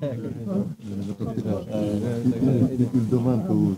Il demande que vous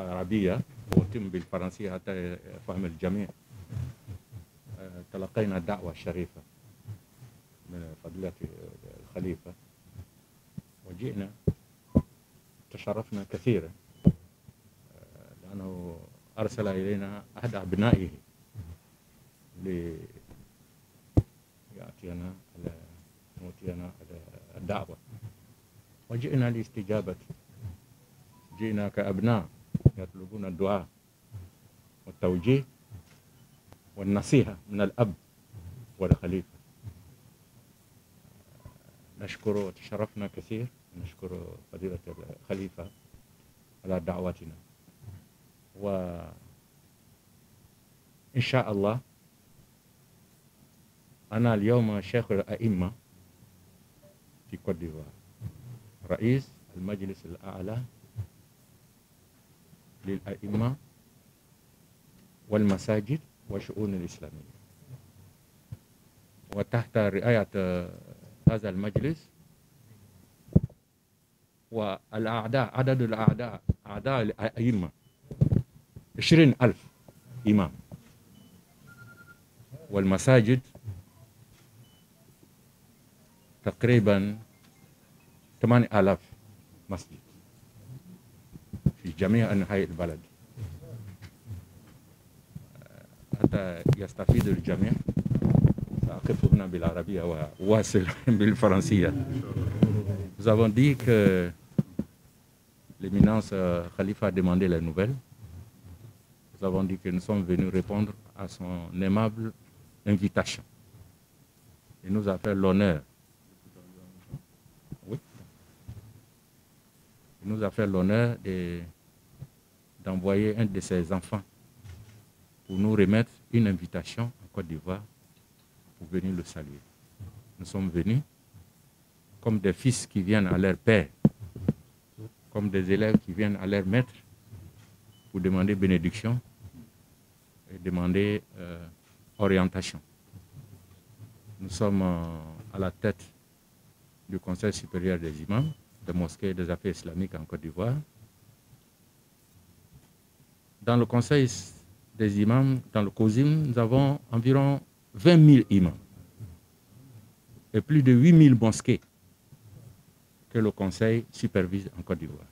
العربية وأتم بالفرنسية حتى فهم الجميع تلقينا دعوة شريفة من فضيلة الخليفة وجئنا تشرفنا كثيرا لأنه أرسل إلينا أحد أبنائه ليأتينا على نؤتينا على الدعوة وجئنا لاستجابة جئنا كأبناء يكون الدعاء والتوجيه والنصيحة من الأب والخليفة نشكره وتشرفنا كثير نشكر فضيلة الخليفة على دعوتنا وإن شاء الله أنا اليوم شيخ الأئمة في كوت ديفوار رئيس المجلس الأعلى lil aïma wal masajid wa shu'un al islamiyya wa tahta ri'ayat hadha al majlis wa al a'da adad al a'da a'da al aïma عشرين ألف إمام والمساجد تقريبا ثمانية آلاف مسجد في جميع أنحاء البلد حتى يستفيد الجميع سأقف هنا بالعربية وأواصل بالفرنسية Nous avons dit que l'éminence euh, Khalifa a demandé les nouvelles. Nous avons dit que nous sommes venus répondre à son aimable invitation. Il nous a fait l'honneur Il nous a fait l'honneur d'envoyer un de ses enfants pour nous remettre une invitation en Côte d'Ivoire pour venir le saluer. Nous sommes venus comme des fils qui viennent à leur père, comme des élèves qui viennent à leur maître pour demander bénédiction et demander euh, orientation. Nous sommes euh, à la tête du Conseil supérieur des imams de mosquées et des affaires islamiques en Côte d'Ivoire. Dans le conseil des imams, dans le COSIM, nous avons environ imams et plus de 8 000 mosquées que le conseil supervise en Côte d'Ivoire.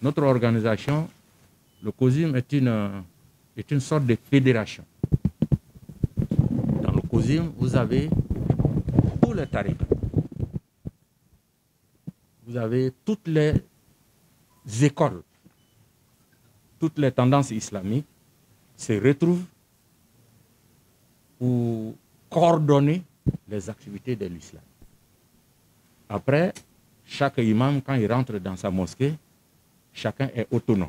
Notre organisation, le COSIM, est une, est une sorte de fédération. Dans le COSIM, vous avez tous les tarifs vous avez toutes les écoles, toutes les tendances islamiques se retrouvent pour coordonner les activités de l'islam. Après, chaque imam, quand il rentre dans sa mosquée, chacun est autonome.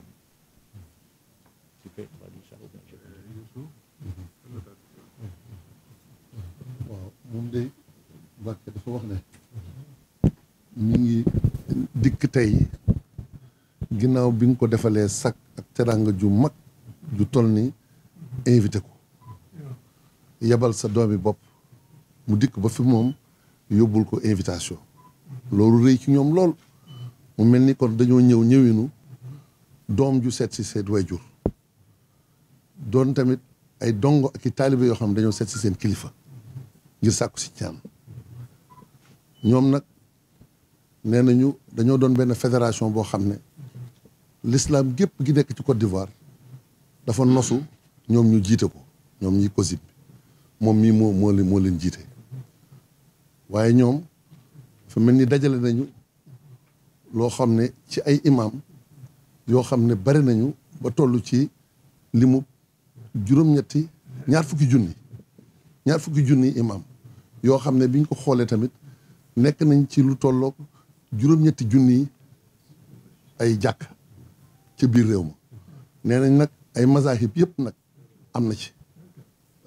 dikk tey ginnaaw bi nga ko defalee sakk ak teraanga ju mag ju toll ni invité ko yebal sa doomi bopp mu dikk ba fi moom yóbbul ko invitation loolu rëy ci ñoom lool mu mel ni kon dañoo ñëw ñëwinu doom ju seet si seen waajur doon tamit ay dongo ak i taalibe yoo xam ne dañoo seet si seen kilifa ngir sàkku si ñaan ñoom nag nee nañu dañoo doon benn fédération boo xam ne lislaam gépp gi nekk ci Côte d'Ivoire dafa nosu ñoom ñu jiite ko ñoom ñi COSIP bi moom mii moo moo leen jiite waaye ñoom fa mel ni dajale nañu loo xam ne ci ay imam yoo xam ne bari nañu ba toll ci limu juróom-ñetti ñaar fukki junni ñaar fukki junni imam yoo xam ne biñ ko xoolee tamit nekk nañ ci lu tolloog juróom-ñetti junni ay jàkk ci biir réew ma nee nañ nag ay mazahib yëpp nag am na ci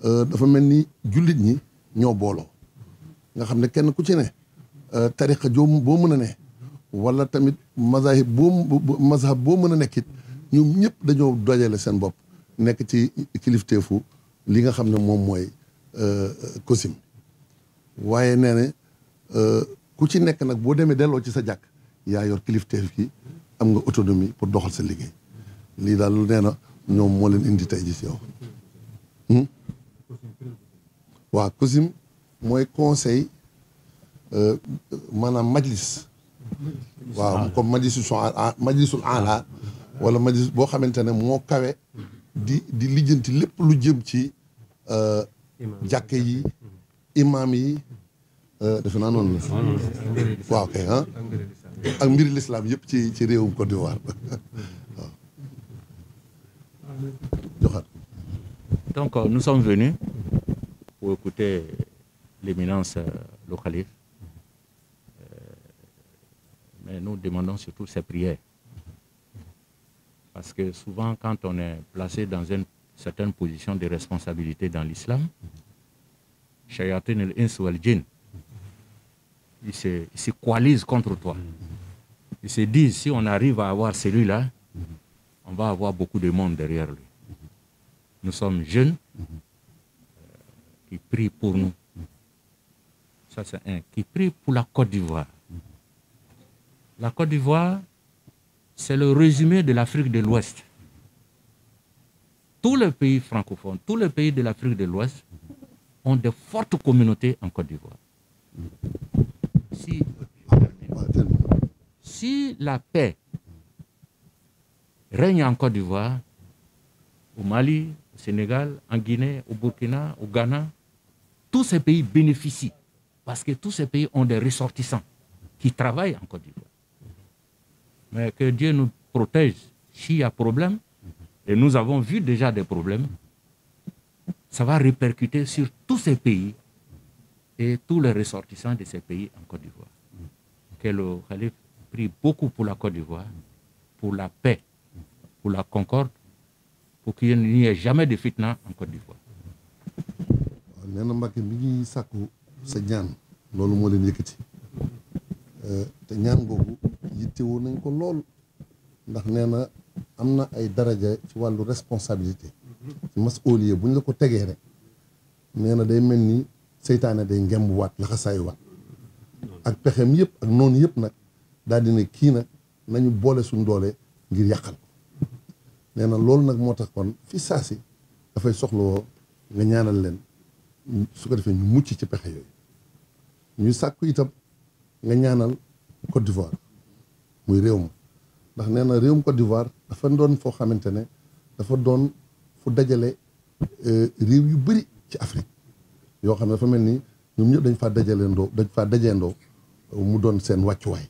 euh, dafa mel ni jullit ñi ñoo booloo nga xam ne kenn ku ci ne euh, tariqa joo boo mën a ne wala tamit mazahib boo boo mën a nekkit ñoom ñëpp dañoo dojale seen bopp nekk ci kilifteefu li nga xam ne moom mooy euh, COSIM waaye nee ku ci nekk nag boo demee delloo ci sa jàkk yaa yor kilifteef ki am nga autonomie pour doxal sa liggéey lii daal lu nee na ñoom moo leen indi tey ji hmm? waaw COSIM mooy conseil euh, maanaam majlis waaw comme majlisu son majlisul ala wala majlis boo xamante ne moo kawe di di lijjanti lépp lu jëm ci euh, jàkke yi imaam yi Euh, defe naa ah. yëpp ci ci réewum Côte d'Ivoire waaw. joxaat. donc euh, nous sommes venus pour écouter l'éminence euh, le khalife mais nous demandons surtout ses prières parce que souvent quand on est placé dans une certaine position de responsabilité dans l'islam shayatin al ins wal jinn ils se, ils contre toi. Ils se disent, si on arrive à avoir celui-là, on va avoir beaucoup de monde derrière lui. Nous sommes jeunes euh, qui prient pour nous. Ça, c'est un. Qui prie pour la Côte d'Ivoire. La Côte d'Ivoire, c'est le résumé de l'Afrique de l'Ouest. Tous les pays francophones, tous les pays de l'Afrique de l'Ouest ont de fortes communautés en Côte d'Ivoire. si, la paix règne en Côte d'Ivoire, au Mali, au Sénégal, en Guinée, au Burkina, au Ghana, tous ces pays bénéficient parce que tous ces pays ont des ressortissants qui travaillent en Côte d'Ivoire. Mais que Dieu nous protège s'il y a problème, et nous avons vu déjà des problèmes, ça va répercuter sur tous ces pays et tous les ressortissants de ces pays en Côte d'Ivoire. Que loo calife prie beaucoup pour la Côte d'Ivoire, pour la paix, pour la concorde, pour qu'il n'y ait jamais de fitna en Côte d'Ivoire. nee na mi ngi sàkku sa ñaan loolu moo leen yëkkati euh, te ñaan boobu yittewoo nañ ko lool ndax nee na am na ay daraja ci wàllu responsabilité ci mas-uliya bu ñu ko tegee rek nee mel ni seytaane day ngemb waat laxasaayu waat ak pexem yëpp ak noonu yëpp nag daal di ne kii nag nañu boole suñ doole ngir yàqal ko nee na loolu nag moo tax kon fi saasi dafay soxlawoo nga ñaanal leen su ko defee ñu mucc ci pexe yooyu ñuy sàkku itam nga ñaanal Côte d'Ivoire muy réew ma ndax nee na réewum Côte d'Ivoire dafa doon foo xamante ne dafa doon fu dajale euh, réew yu bëri ci Afrique yoo xam ne dafa mel ni ñoom ñëpp dañ faa dajaleendoo dañ faa dajeendoo mu doon seen wàccuwaay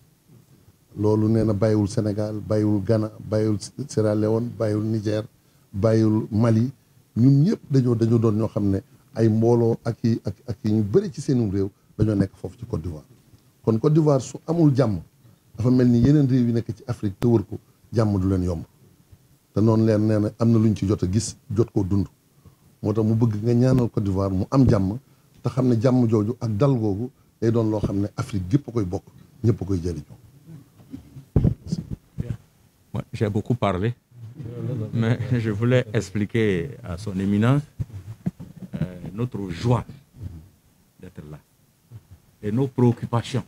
loolu nee na bàyyiwul Sénégal bàyyiwul Ghana bàyyiwul Sierra Leone bàyyiwul Niger bàyyiwul Mali ñun ñëpp dañoo dañoo doon ñoo xam ne ay mbooloo ak i ak ak yi ñu bëri ci seenum réew dañoo nekk foofu ci Côte d'Ivoire kon Côte d'Ivoire su amul jàmm dafa mel ni yeneen réew yi nekk ci Afrique te ko jàmm du leen yomb te noonu leen nee na am na lu ñu ci jot a gis jot koo dund moo tax mu bëgg nga ñaanal Côte d'Ivoire mu am jàmm te xam ne jàmm jooju ak dal googu day doon loo xam ne Afrique gépp a koy bokk ñëpp a koy jëriñoo. Moi, j'ai beaucoup parlé, mais je voulais expliquer à son éminence euh, notre joie d'être là et nos préoccupations.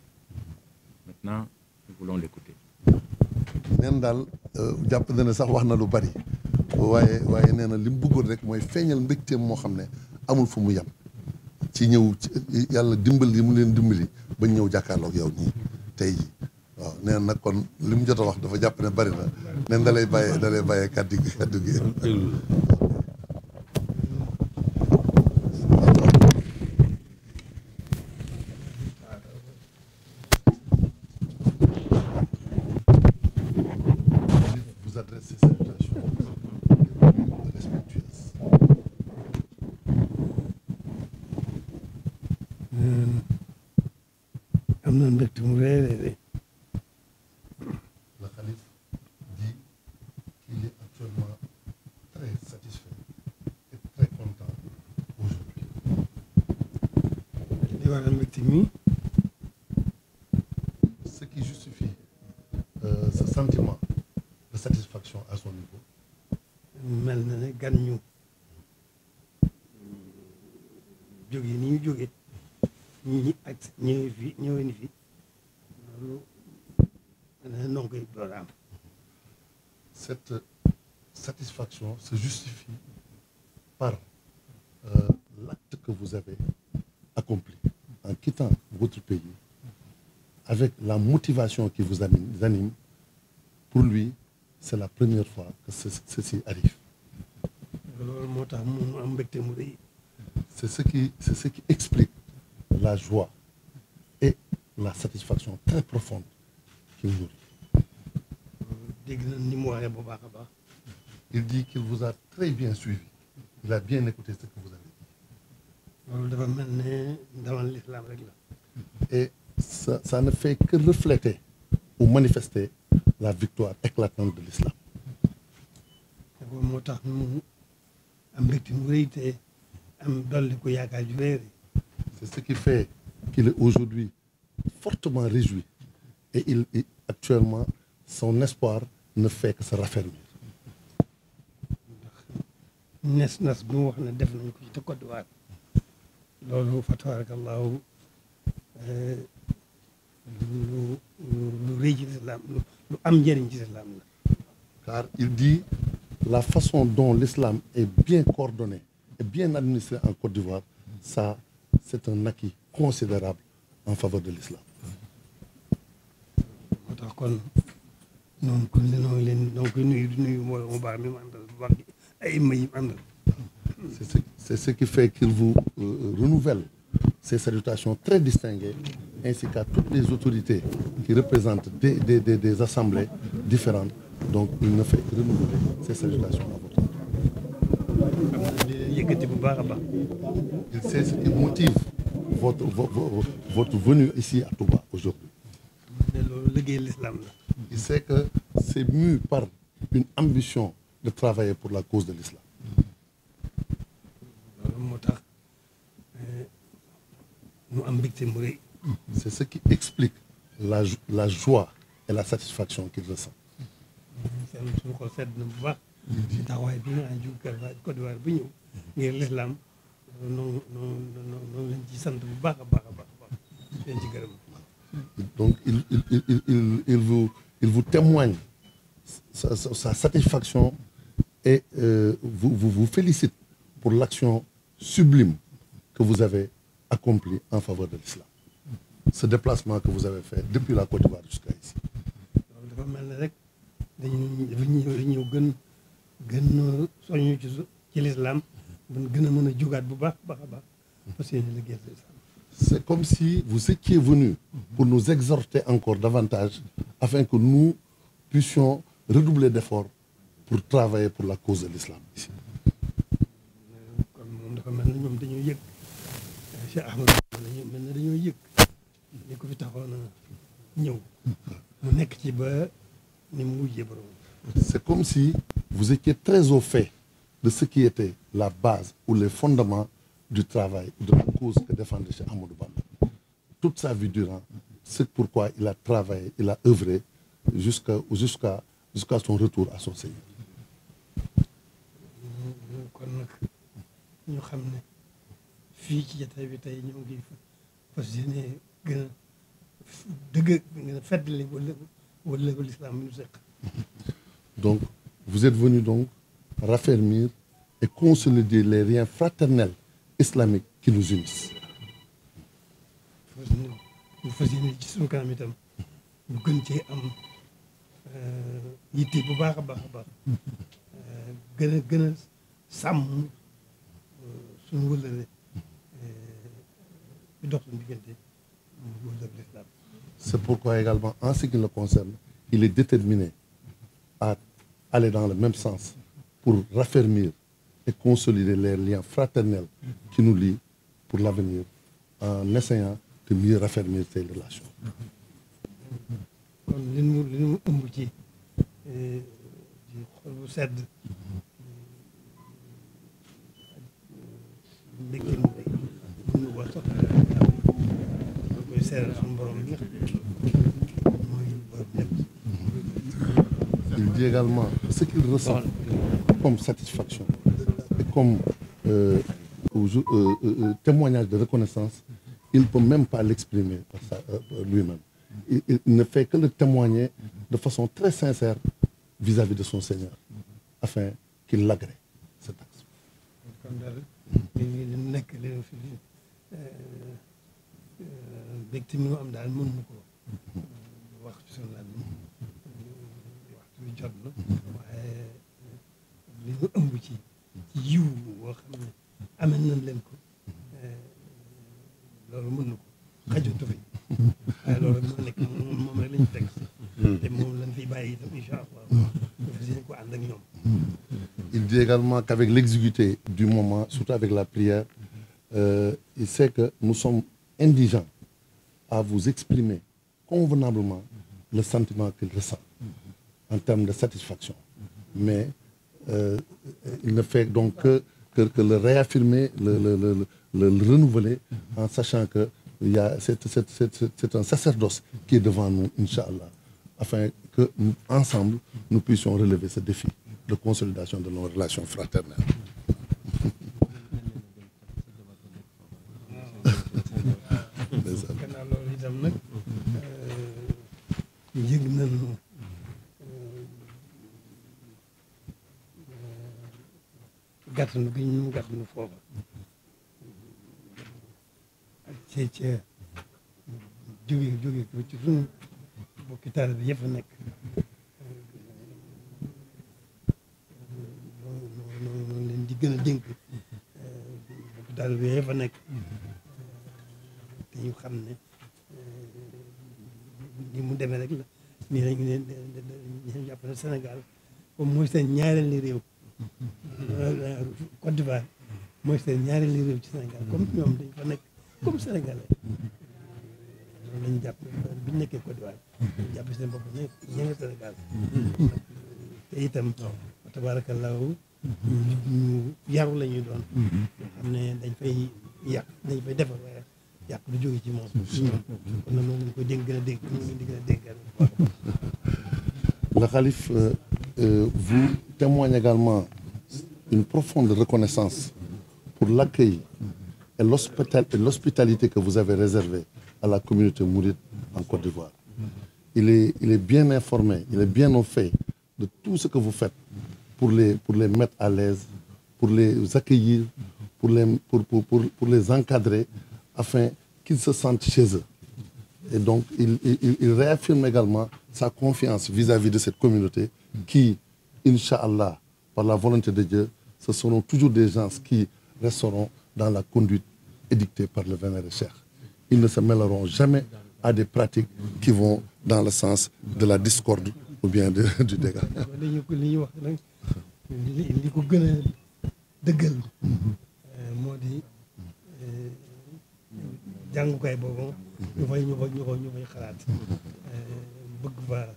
Maintenant, nous voulons l'écouter. neen daal euh, jàpp na sax wax na lu bari waaye waaye nee na li mu bëggoon rek mooy feeñal mbégteem moo xam ne amul fu mu yem ci ñëw yàlla dimbal yi mu leen dimbali bañ ñëw jàkkaarloog yow nii tey ji waaw nee nag kon li mu jot a wax dafa jàpp ne bari na nen da lay bàyyee dalay lay bàyyee kàddu kàddu gi gan ñu jóge ni ñu jóge ñi ak ñëwee fi ñëwee ni fi loolu non koy doon am cette satisfaction se justifie par euh, l'acte que vous avez accompli en quittant votre pays avec la motivation qui vous anime, vous anime pour lui c'est la première fois que ce, ceci arrive loolu moo tax mu am mu rëy. c'est ce qui explique la joie et la satisfaction très profonde qu'il nourrit. dégg na ni mu waxee bu baax a baax. il dit qu'il vous a très bien suivi il a bien écouté ce que vous avez dafa mel ne ndawal l'islam rek la. et ça ça ne la victoire éclatante de l'islam. am mbégte mu rëy te am dolli ko yaakaar ju réer c'est ce qui fait qu'il est aujourd'hui fortement réjoui et il et actuellement son espoir ne fait que se raffermir ndax nes nas bu mu wax ne def nañ ko ci te kodduwaat loolu fa tabarakallahu euh, lu lu rëy ci lislaam lu am njëriñ ci lislaam la car il dit la façon dont l'islam est bien coordonné et bien administré en Côte d'Ivoire, ça, c'est un acquis considérable en faveur de l'islam. tax kon noonu kon noo ngi leen donc nuyu nuyu mooy mu baax mi mu àndal bu baax C'est ce qui fait qu'il vous euh, renouvelle ces salutations très distinguées ainsi qu'à toutes les autorités qui représentent des, des, des, des assemblées différentes donc il ne fait renouveler ces salutations importantes. yëkkati bu baax a c'est ce qui votre votre ici à Touba aujourd'hui loolu liggéey l'islam la. que c'est mû par une ambition de travailler pour la cause de l'islam. loolu eh, am mbégte mu rëy. c'est ce qui explique la la joie et la satisfaction qu'il ressent. loolu suñu xol sedd na bu baax. Mm-hmm. si taxawaay bi nga xam ne jóg Côte d'Ivoire bu ñëw ngir lislaam noonu noonu noonu lañ ci sant bu baax a baax a baax a baax leen ci gërëm. donc il il il il il vous il vous témoigne sa sa, sa satisfaction et euh, vous vous vous félicite pour l'action sublime que vous avez accomplie en faveur de l'islam ce déplacement que vous avez fait depuis la Côte d'Ivoire jusqu'à ici. dafa mel ni rek. dañuy dañuy gën gën a soññu ci ci lislaam mun gën a mën a jugaat bu baax baax a baax parce que liggéey lislaam c'est comme si vous étiez venu pour nous exhorter encore davantage afin que nous puissions redoubler d'efforts pour travailler pour la cause de l'islam ici kon moom dafa mel na ñoom dañoo yëg Cheikh Ahmad mel na dañoo yëg a ñëw mu nekk ci ba ni mu wujjee borom c'est comme si vous étiez très au fait de ce qui était la base ou les fondements du travail de la cause que défendait Cheikh Amadou Bamba toute sa vie durant c'est pourquoi il a travaillé il a œuvré jusqu'à son retour à son Seigneur xam fii ci jataay wala l'islam ñu seq donc vous êtes venu donc raffermir et consolider les liens fraternels islamiques qui nous unissent bu fas yéene ci suñu kanam gën cee am euh, yitte bu baax a baax a baax euh, gën a gën a sàmm euh, suñu wëllëre bi dox suñu diggante C'est pourquoi également, en ce qui le concerne, il est déterminé à aller dans le même sens pour raffermir et consolider les lien fraternels qui nous lient pour l'avenir en essayant de mieux raffermir ces relations. kon li mu li mu ëmb ci eh, di xol bu sedd eh, eh, mbégte mu rëy seeral suñu borom mi nga Il dit également ce qu'il ressent comme satisfaction et comme euh, euh, euh, témoignage de reconnaissance, il ne peut même pas l'exprimer euh, lui-même. Il, ne fait que le témoigner de façon très sincère vis-à-vis de son Seigneur, afin qu'il l'agrée, cette action. mbégte mi mu am daal mën na ko wax ci sunu làmmiñ waxtu bi jot na waaye li ñu ëmb ci ci yiw woo xam ne amel nañ leen ko eh, loolu mën na ko xajatu fi waaye loolu moo nekk moom rek lañu teg te moom lañ fiy bàyyi itam incha allah dafaseen ko ànd ak ñoom il dit également qu'avec l'exiguïté du moment surtout avec la prière euh, il sait que nous sommes indigents à vous exprimer convenablement le sentiment qu'il ressent en termes de satisfaction. Mais euh, il ne fait donc que, que, que le réaffirmer, le, le, le, le renouveler, en sachant que c'est un sacerdoce qui est devant nous, Inch'Allah, afin que nous, ensemble, nous puissions relever ce défi de consolidation de nos relations fraternelles. yëg nañu gàttanu gi ñu gàttanu foofa ak ci ca jóge jóge ko ci sunu bokki taalibe bi yëpp nekk noonu leen di gën a dénk bokki taalibe bi yëpp nekk te xam ne Sénégal moom mooy seen ñaareelu réew Côte d'Ivoire mooy seen ñaareelu réew ci Sénégal comme ñoom dañ fa nekk comme sénégalais loolu lañu jàpp bi ñu nekkee Côte d'Ivoire dañ jàpp seen bopp ne ña nga Sénégal te itam tabaarakallaahu ñu yaru la ñuy doon yoo xam ne dañ fay yàq dañ fay defar waaye yàq du jóge ci moom kon nag moom lañ koy dégg gën a dégg ñu ngi di gën a dégg le Khalif euh, euh, vous témoigne également une profonde reconnaissance pour l'accueil et l'hospitalité que vous avez réservée à la communauté mouride en Côte d'Ivoire. Il est, il est bien informé, il est bien au de tout ce que vous faites pour les, pour les mettre à l'aise, pour les accueillir, pour les, pour, pour, pour, pour les encadrer, afin qu'ils se sentent chez eux. Et donc, il réaffirme également sa confiance vis-à-vis de cette communauté qui, Inch'Allah, par la volonté de Dieu, ce seront toujours des gens qui resteront dans la conduite édictée par le vénéré Cheikh. Ils ne se mêleront jamais à des pratiques qui vont dans le sens de la discorde ou bien du dégât. ñu fay ñu fay ñu bëgg faa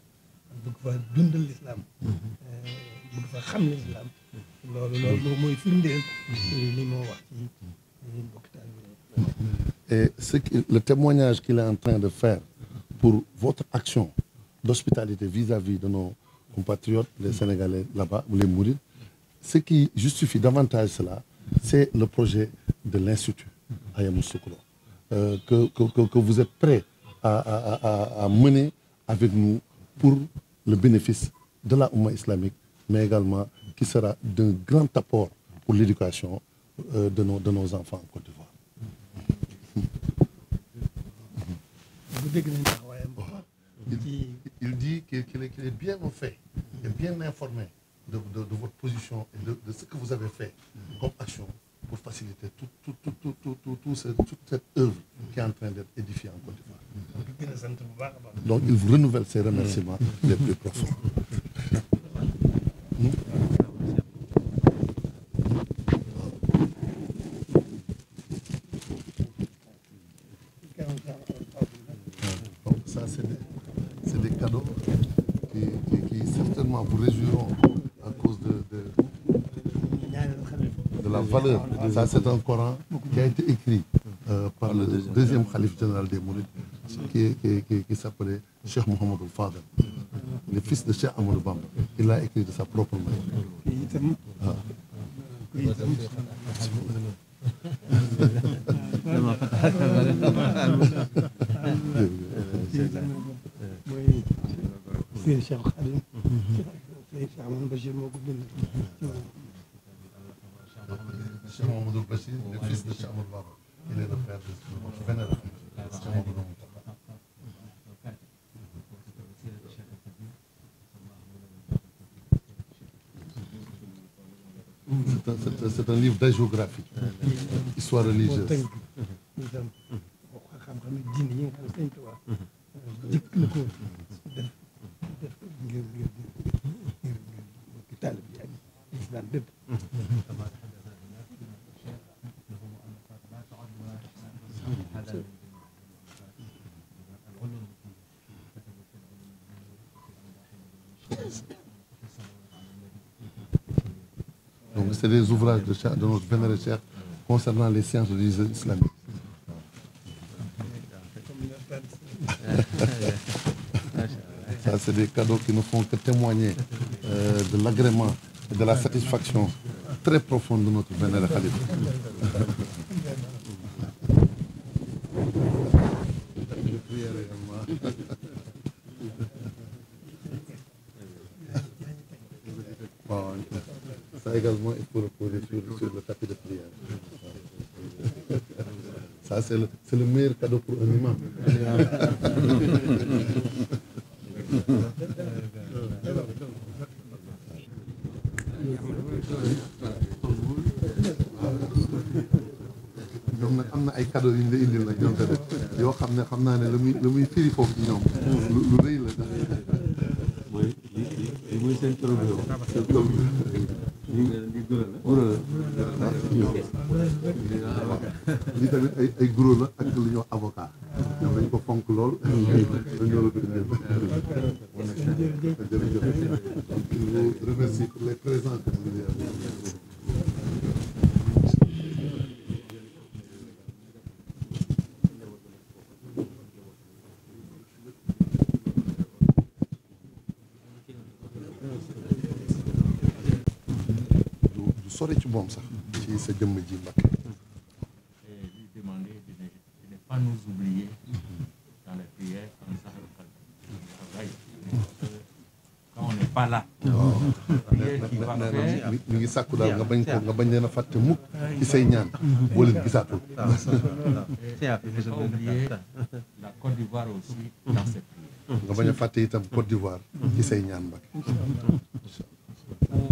bëgg faa dundal lislaam mm-hmm. bëgg faa xam lislaam mm-hmm. loolu loolu mooy firndeel mm-hmm. li moo wax ci mbokk taal bi et ce le témoignage qu'il est en train de faire pour votre action d'hospitalité vis-à-vis de nos compatriotes les Sénégalais là-bas ou les Mourides ce qui justifie davantage cela c'est le projet de l'institut Ayamoussoukro euh, que, que que que vous êtes prêts à à à à mener avec nous pour le bénéfice de la Oumma islamique, mais également qui sera d'un grand apport pour l'éducation euh, de, nos, de nos enfants en Côte d'Ivoire. Il, il dit qu'il qu est bien au fait, et bien informé de, de, de votre position et de, de ce que vous avez fait comme action pour faciliter tout, tout, tout, tout, tout, tout ce, toute cette œuvre qui est en train d'être édifiée en Côte d'Ivoire. Donc il vous renouvelle ses remerciements mm. les plus profonds. Ça, c'est un Coran qui a été écrit euh, par le deuxième calife général des Mourides, qui, qui, qui, qui s'appelait Cheikh Mohamed Al-Fadl, le fils de Cheikh Amadou Bamba. Il l'a écrit de sa propre main. Ah. mooy Cheikh Khadim Cheikh Amadou Bachir moo ko bind de Cheikh Mamadou Bachir, le fils de Cheikh Amadou Baba. Il est le frère de notre vénérable Cheikh Mamadou Moustapha. C'est un, c'est un livre d'agiographie, histoire religieuse. de, de notre vénéré chef concernant les sciences islamiques. Ça, c'est des cadeaux qui ne font que témoigner euh, de l'agrément et de la satisfaction très profonde de notre vénéré Khalid. c'est le, c'est le meilleur cadeau pour un imam. ñoom nag am na ay cadeau yu ñu la indil nag ñoom tamit yoo xam ne xam naa ne la muy la muy firi foofu ci ñoom lu lu rëy la mooy li li muy seen problème li li gura la gura la lii tamit ay ay gros sàkku daal nga bañ ko nga bañ leen a fàtte mukk ci say ñaan boo leen gisaatul la Côte nga bañ a fàtte itam Côte d'Ivoire ci say ñaan mbag pour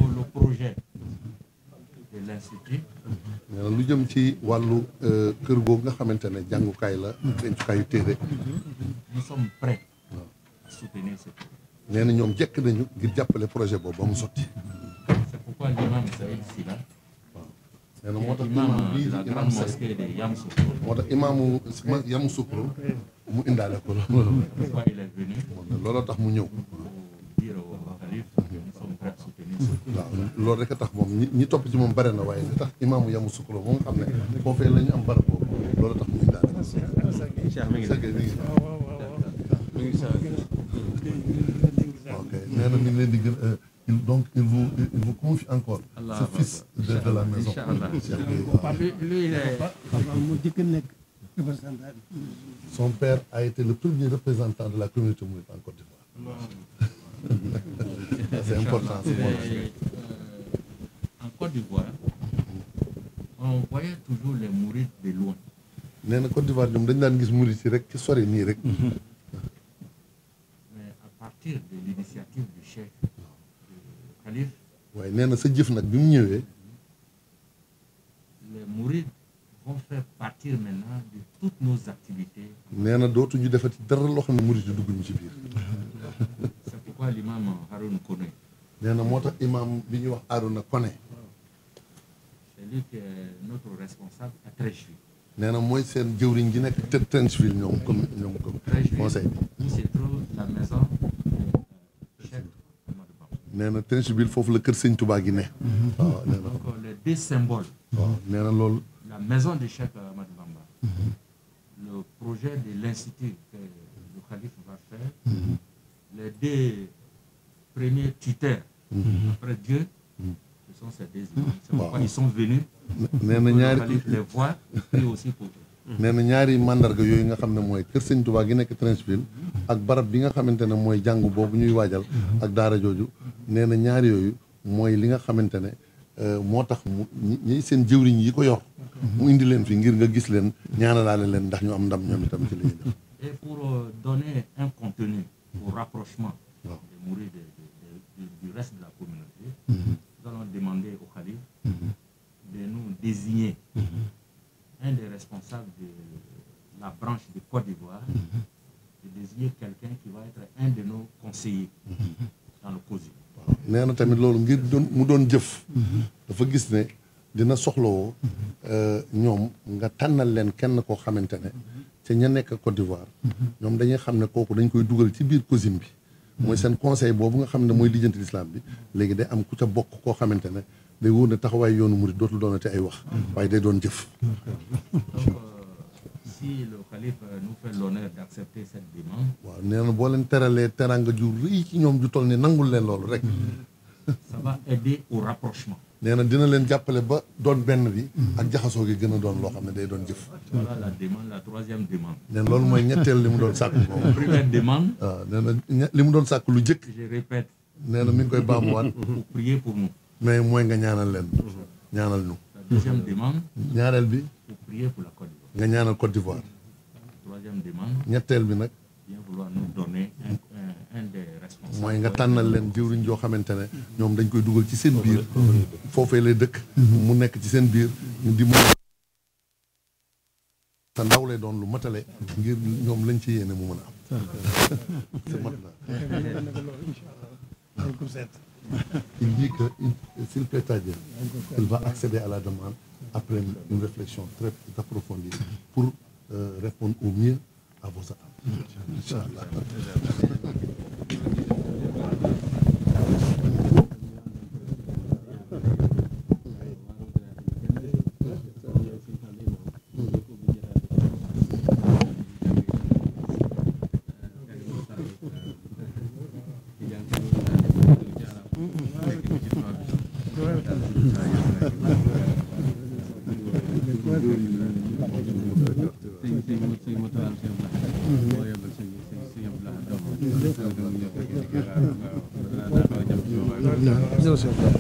lu jëm ci wàllu euh, kër googu nga xamante ne jàngukaay la dencukaayu téere nous na ñoom jekk nañu ngir jàppale projet boobu ba mu sotti pourquoi l'imam Saïd Sila nee na moo tax imam bii la grande mosquée de Yamoussoukro moo tax imaamu Yamoussoukro mu indaale ko pourquoi il est venu looloo tax mu ñëw waaw loolu rek a tax moom ñi ñi topp ci moom bare na waaye li tax imaamu Yamoussoukro moom xam ne foofee la ñu am barab boobu loolu tax mu indaale ko ok nee na mi ngi di gën touche encore Allah ce fils de, de la maison. Son père a été le premier représentant de la communauté mouride en Côte d'Ivoire. C'est important. Euh, en Côte d'Ivoire, on voyait toujours les mourides de loin. nee na Côte d'Ivoire ñoom dañ daan gis murit yi rek ci sori nii rek. mais à partir de l'initiative du chef du calife waaye nee na sa jëf nag bi mu ñëwee. les mourides vont faire partir maintenant de toutes nos na dootuñu defati dara loo xam ne murid yi dugguñu ci biir. c'est pourquoi na moo tax imam bi ñu wax Harouna Koné. c'est lui qui est notre responsable na mooy seen jëwriñ ji nekk Treichville ñoom comme ñoom bi. nee na Treichville foofu la kër sëñ Touba gi ne. Mhm. waaw nee na donc les deux na loolu. la maison de Cheikh euh, Ahmadou Bamba. Mhm. le projet de le calife va faire. Mhm. les deux premiers tuteurs. après na ñaari pour le calife na ñaari mandarga yooyu nga xam ne mooy kër sëñ Touba gi nekk Treichville. ak barab bi nga xamante ne mooy jàngu boobu ñuy waajal. ak daara jooju. nee na ñaar yooyu mooy li nga xamante ne euh, moo tax mu seen jëwriñ yi ko yor mu indi leen fi ngir nga gis leen ñaanalaale leen ndax ñu am ndam ñoom itam ci li ñuy def et pour euh, donner un contenu au rapprochement waaw des mourides du reste de la communauté mm-hmm. nous allons demander au Khalif mm-hmm. de nous désigner mm-hmm. un des responsables de la branche de Côte d'Ivoire de désigner quelqu'un qui va être un de nos conseillers dans le COSI nee na tamit loolu ngir doon mu doon jëf dafa gis ne dina soxlawoo euh, ñoom nga tànnal leen kenn koo xamante ne te ña nekk Côte d'Ivoire ñoom dañuy xam ne kooku dañ koy dugal ci biir COSIM bi mooy seen conseil boobu nga xam ne mooy lijjanti lislaam bi léegi day am ku ca bokk koo xamante ne day wóor ne taxawaay yoonu mu murid dootul doonate ay wax waaye day doon jëf si le calife nous fait l'honneur d'accepter waaw nee na boo leen teralee teraanga ju rëy ci ñoom ju toll ni nangul leen loolu rek. ça va aider nee na dina leen jàppale ba doon benn bi. ak jaxasoo gi gën a doon loo xam ne day doon jëf. voilà la demande la troisième demande. loolu mooy ñetteel li mu doon sàkk. première demande. waaw nee li mu doon sàkk lu jëkk. je répète. nee na mi ngi koy baamuwaat. pour prier pour mais mooy nga ñaanal leen. ñaanal ñu. la ñaareel bi. pour la. nga ñaanal Côte d'Ivoire. ñetteel bi nag. mooy nga tànnal leen jëwriñ joo xamante ne ñoom dañ koy dugal ci seen biir foofee lay dëkk mu nekk ci seen biir ñu di mu sa ndaw lay doon lu matale ngir ñoom lañ ci yéene mu mën a am il dit que s'il fait à Dieu il va accéder à la demande après une réflexion très approfondie pour euh, répondre au mieux à vos attentes. Inch'Allah. sur place.